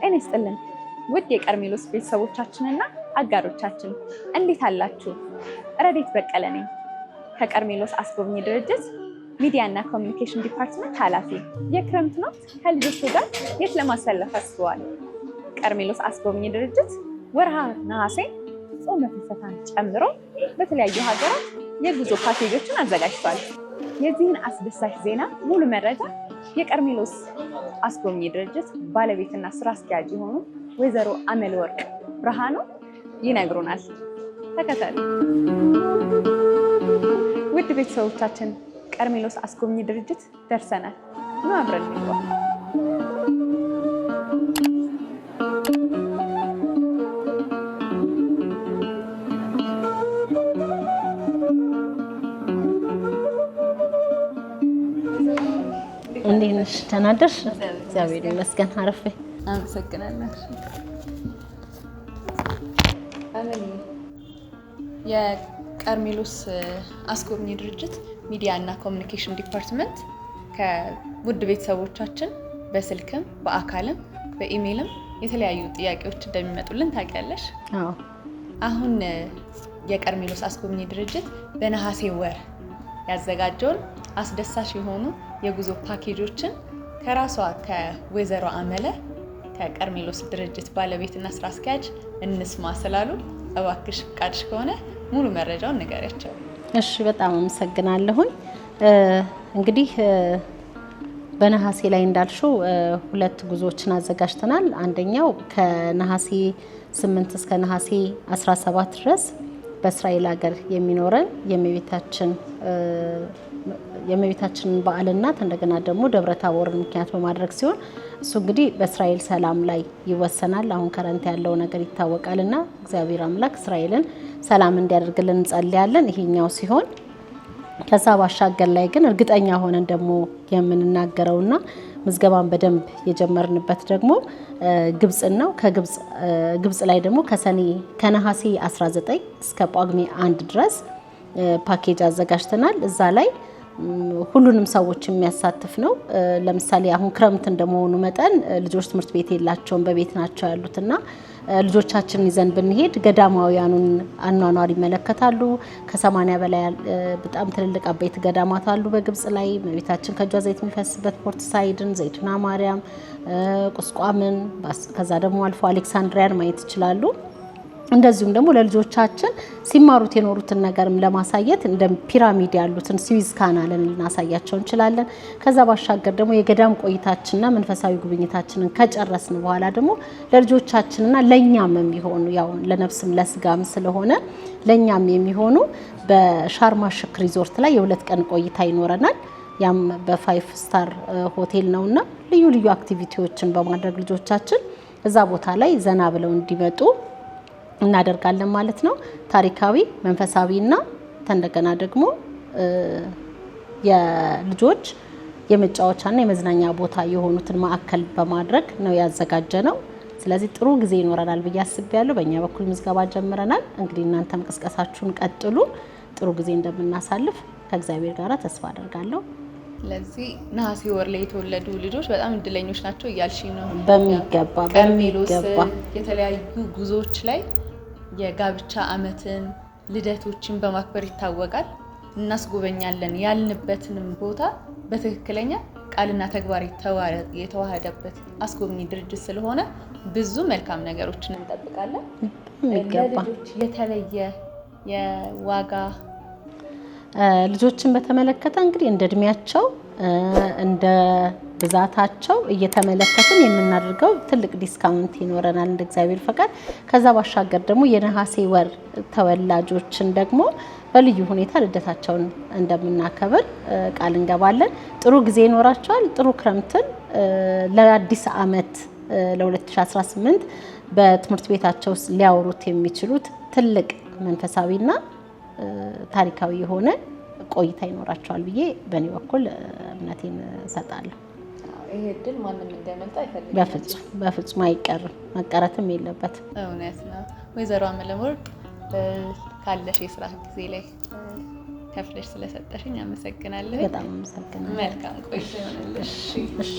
ጤና ይስጥልን ውድ የቀርሜሎስ ቤተሰቦቻችንና አጋሮቻችን እንዴት አላችሁ? ረዴት በቀለ ነኝ ከቀርሜሎስ አስጎብኝ ድርጅት ሚዲያና እና ኮሚኒኬሽን ዲፓርትመንት ኃላፊ። የክረምት ወቅት ከልጆቹ ጋር የት ለማሳለፍ አስበዋል? ቀርሜሎስ አስጎብኝ ድርጅት ወርሃ ነሐሴ ጾመ ፍልሰታን ጨምሮ በተለያዩ ሀገራት የጉዞ ፓኬጆችን አዘጋጅቷል። የዚህን አስደሳች ዜና ሙሉ መረጃ የቀርሜሎስ አስጎብኚ ድርጅት ባለቤትና ስራ አስኪያጅ የሆኑ ወይዘሮ አመል ወርቅ ብርሃኑ ይነግሩናል። ተከተሉ። ውድ ቤተሰቦቻችን ቀርሜሎስ አስጎብኚ ድርጅት ደርሰናል። አብረን እንዴት ነሽ? ደህና አደርሽ? እግዚአብሔር ይመስገን አረፌ። አመሰግናለሁ። የቀርሜሎስ አስጎብኚ ድርጅት ሚዲያ እና ኮሚኒኬሽን ዲፓርትመንት ከውድ ቤተሰቦቻችን በስልክም በአካልም በኢሜይልም የተለያዩ ጥያቄዎች እንደሚመጡልን ታውቂያለሽ። አሁን የቀርሜሎስ አስጎብኚ ድርጅት በነሐሴ ወር ያዘጋጀውን አስደሳች የሆኑ የጉዞ ፓኬጆችን ከራሷ ከወይዘሮ አመለ ከቀርሜሎስ ድርጅት ባለቤትና ስራ አስኪያጅ እንስማ ስላሉ እባክሽ ፍቃድሽ ከሆነ ሙሉ መረጃውን ንገሪያቸው። እሺ፣ በጣም አመሰግናለሁኝ። እንግዲህ በነሐሴ ላይ እንዳልሽው ሁለት ጉዞዎችን አዘጋጅተናል። አንደኛው ከነሐሴ 8 እስከ ነሐሴ 17 ድረስ በእስራኤል ሀገር የሚኖረን የእመቤታችን የእመቤታችንን በዓለ እናት እንደገና ደግሞ ደብረ ታቦርን ምክንያት በማድረግ ሲሆን እሱ እንግዲህ በእስራኤል ሰላም ላይ ይወሰናል። አሁን ከረንት ያለው ነገር ይታወቃልና እግዚአብሔር አምላክ እስራኤልን ሰላም እንዲያደርግልን እንጸልያለን። ይሄኛው ሲሆን ከዛ ባሻገር ላይ ግን እርግጠኛ ሆነን ደግሞ የምንናገረውና ምዝገባን በደንብ የጀመርንበት ደግሞ ግብጽ ነው። ግብጽ ላይ ደግሞ ከሰኔ ከነሐሴ 19 እስከ ጳጉሜ አንድ ድረስ ፓኬጅ አዘጋጅተናል። እዛ ላይ ሁሉንም ሰዎች የሚያሳትፍ ነው። ለምሳሌ አሁን ክረምት እንደመሆኑ መጠን ልጆች ትምህርት ቤት የላቸውም፣ በቤት ናቸው ያሉትና ልጆቻችንን ይዘን ብንሄድ ገዳማውያኑን አኗኗር ይመለከታሉ። ከሰማንያ በላይ በጣም ትልልቅ አበይት ገዳማት አሉ በግብጽ ላይ እመቤታችን ከእጇ ዘይት የሚፈስበት ፖርት ሳይድን፣ ዘይቱና ማርያም፣ ቁስቋምን ከዛ ደግሞ አልፎ አሌክሳንድሪያን ማየት ይችላሉ። እንደዚሁም ደግሞ ለልጆቻችን ሲማሩት የኖሩትን ነገርም ለማሳየት እንደ ፒራሚድ ያሉትን ስዊዝ ካናልን ልናሳያቸው እንችላለን። ከዛ ባሻገር ደግሞ የገዳም ቆይታችንና መንፈሳዊ ጉብኝታችንን ከጨረስን በኋላ ደግሞ ለልጆቻችንና ለእኛም የሚሆኑ ያው ለነፍስም ለስጋም ስለሆነ ለእኛም የሚሆኑ በሻርማሽክ ሪዞርት ላይ የሁለት ቀን ቆይታ ይኖረናል። ያም በፋይፍ ስታር ሆቴል ነውና ልዩ ልዩ አክቲቪቲዎችን በማድረግ ልጆቻችን እዛ ቦታ ላይ ዘና ብለው እንዲመጡ እናደርጋለን ማለት ነው። ታሪካዊ መንፈሳዊ እና እንደገና ደግሞ የልጆች የመጫወቻና የመዝናኛ ቦታ የሆኑትን ማዕከል በማድረግ ነው ያዘጋጀ ነው። ስለዚህ ጥሩ ጊዜ ይኖረናል ብዬ አስቤያለሁ። በእኛ በኩል ምዝገባ ጀምረናል። እንግዲህ እናንተም ቅስቀሳችሁን ቀጥሉ። ጥሩ ጊዜ እንደምናሳልፍ ከእግዚአብሔር ጋር ተስፋ አደርጋለሁ። ስለዚህ ነሐሴ ወር ላይ የተወለዱ ልጆች በጣም እድለኞች ናቸው እያልሽ ነው? በሚገባ በሚገባ የተለያዩ ጉዞዎች ላይ የጋብቻ ዓመትን፣ ልደቶችን በማክበር ይታወቃል። እናስጎበኛለን ያልንበትንም ቦታ በትክክለኛ ቃልና ተግባር የተዋሃደበት አስጎብኚ ድርጅት ስለሆነ ብዙ መልካም ነገሮችን እንጠብቃለን። የተለየ የዋጋ ልጆችን በተመለከተ እንግዲህ እንደ እድሜያቸው እንደ ብዛታቸው እየተመለከትን የምናደርገው ትልቅ ዲስካውንት ይኖረናል እንደ እግዚአብሔር ፈቃድ። ከዛ ባሻገር ደግሞ የነሐሴ ወር ተወላጆችን ደግሞ በልዩ ሁኔታ ልደታቸውን እንደምናከብር ቃል እንገባለን። ጥሩ ጊዜ ይኖራቸዋል። ጥሩ ክረምትን ለአዲስ ዓመት ለ2018 በትምህርት ቤታቸው ውስጥ ሊያወሩት የሚችሉት ትልቅ መንፈሳዊና ታሪካዊ የሆነ ቆይታ ይኖራቸዋል ብዬ በእኔ በኩል እምነቴን እሰጣለሁ። ይሄ እድል ማንም እንዳይመልጥ አይፈልግም። በፍጹም በፍጹም አይቀርም፣ መቀረትም የለበት። እውነት ነው። ወይዘሮ አመለወርቅ ካለሽ የስራ ጊዜ ላይ ከፍለሽ ስለሰጠሽኝ አመሰግናለሁ። በጣም አመሰግናለሁ። መልካም ቆይ ይሆንልሽ።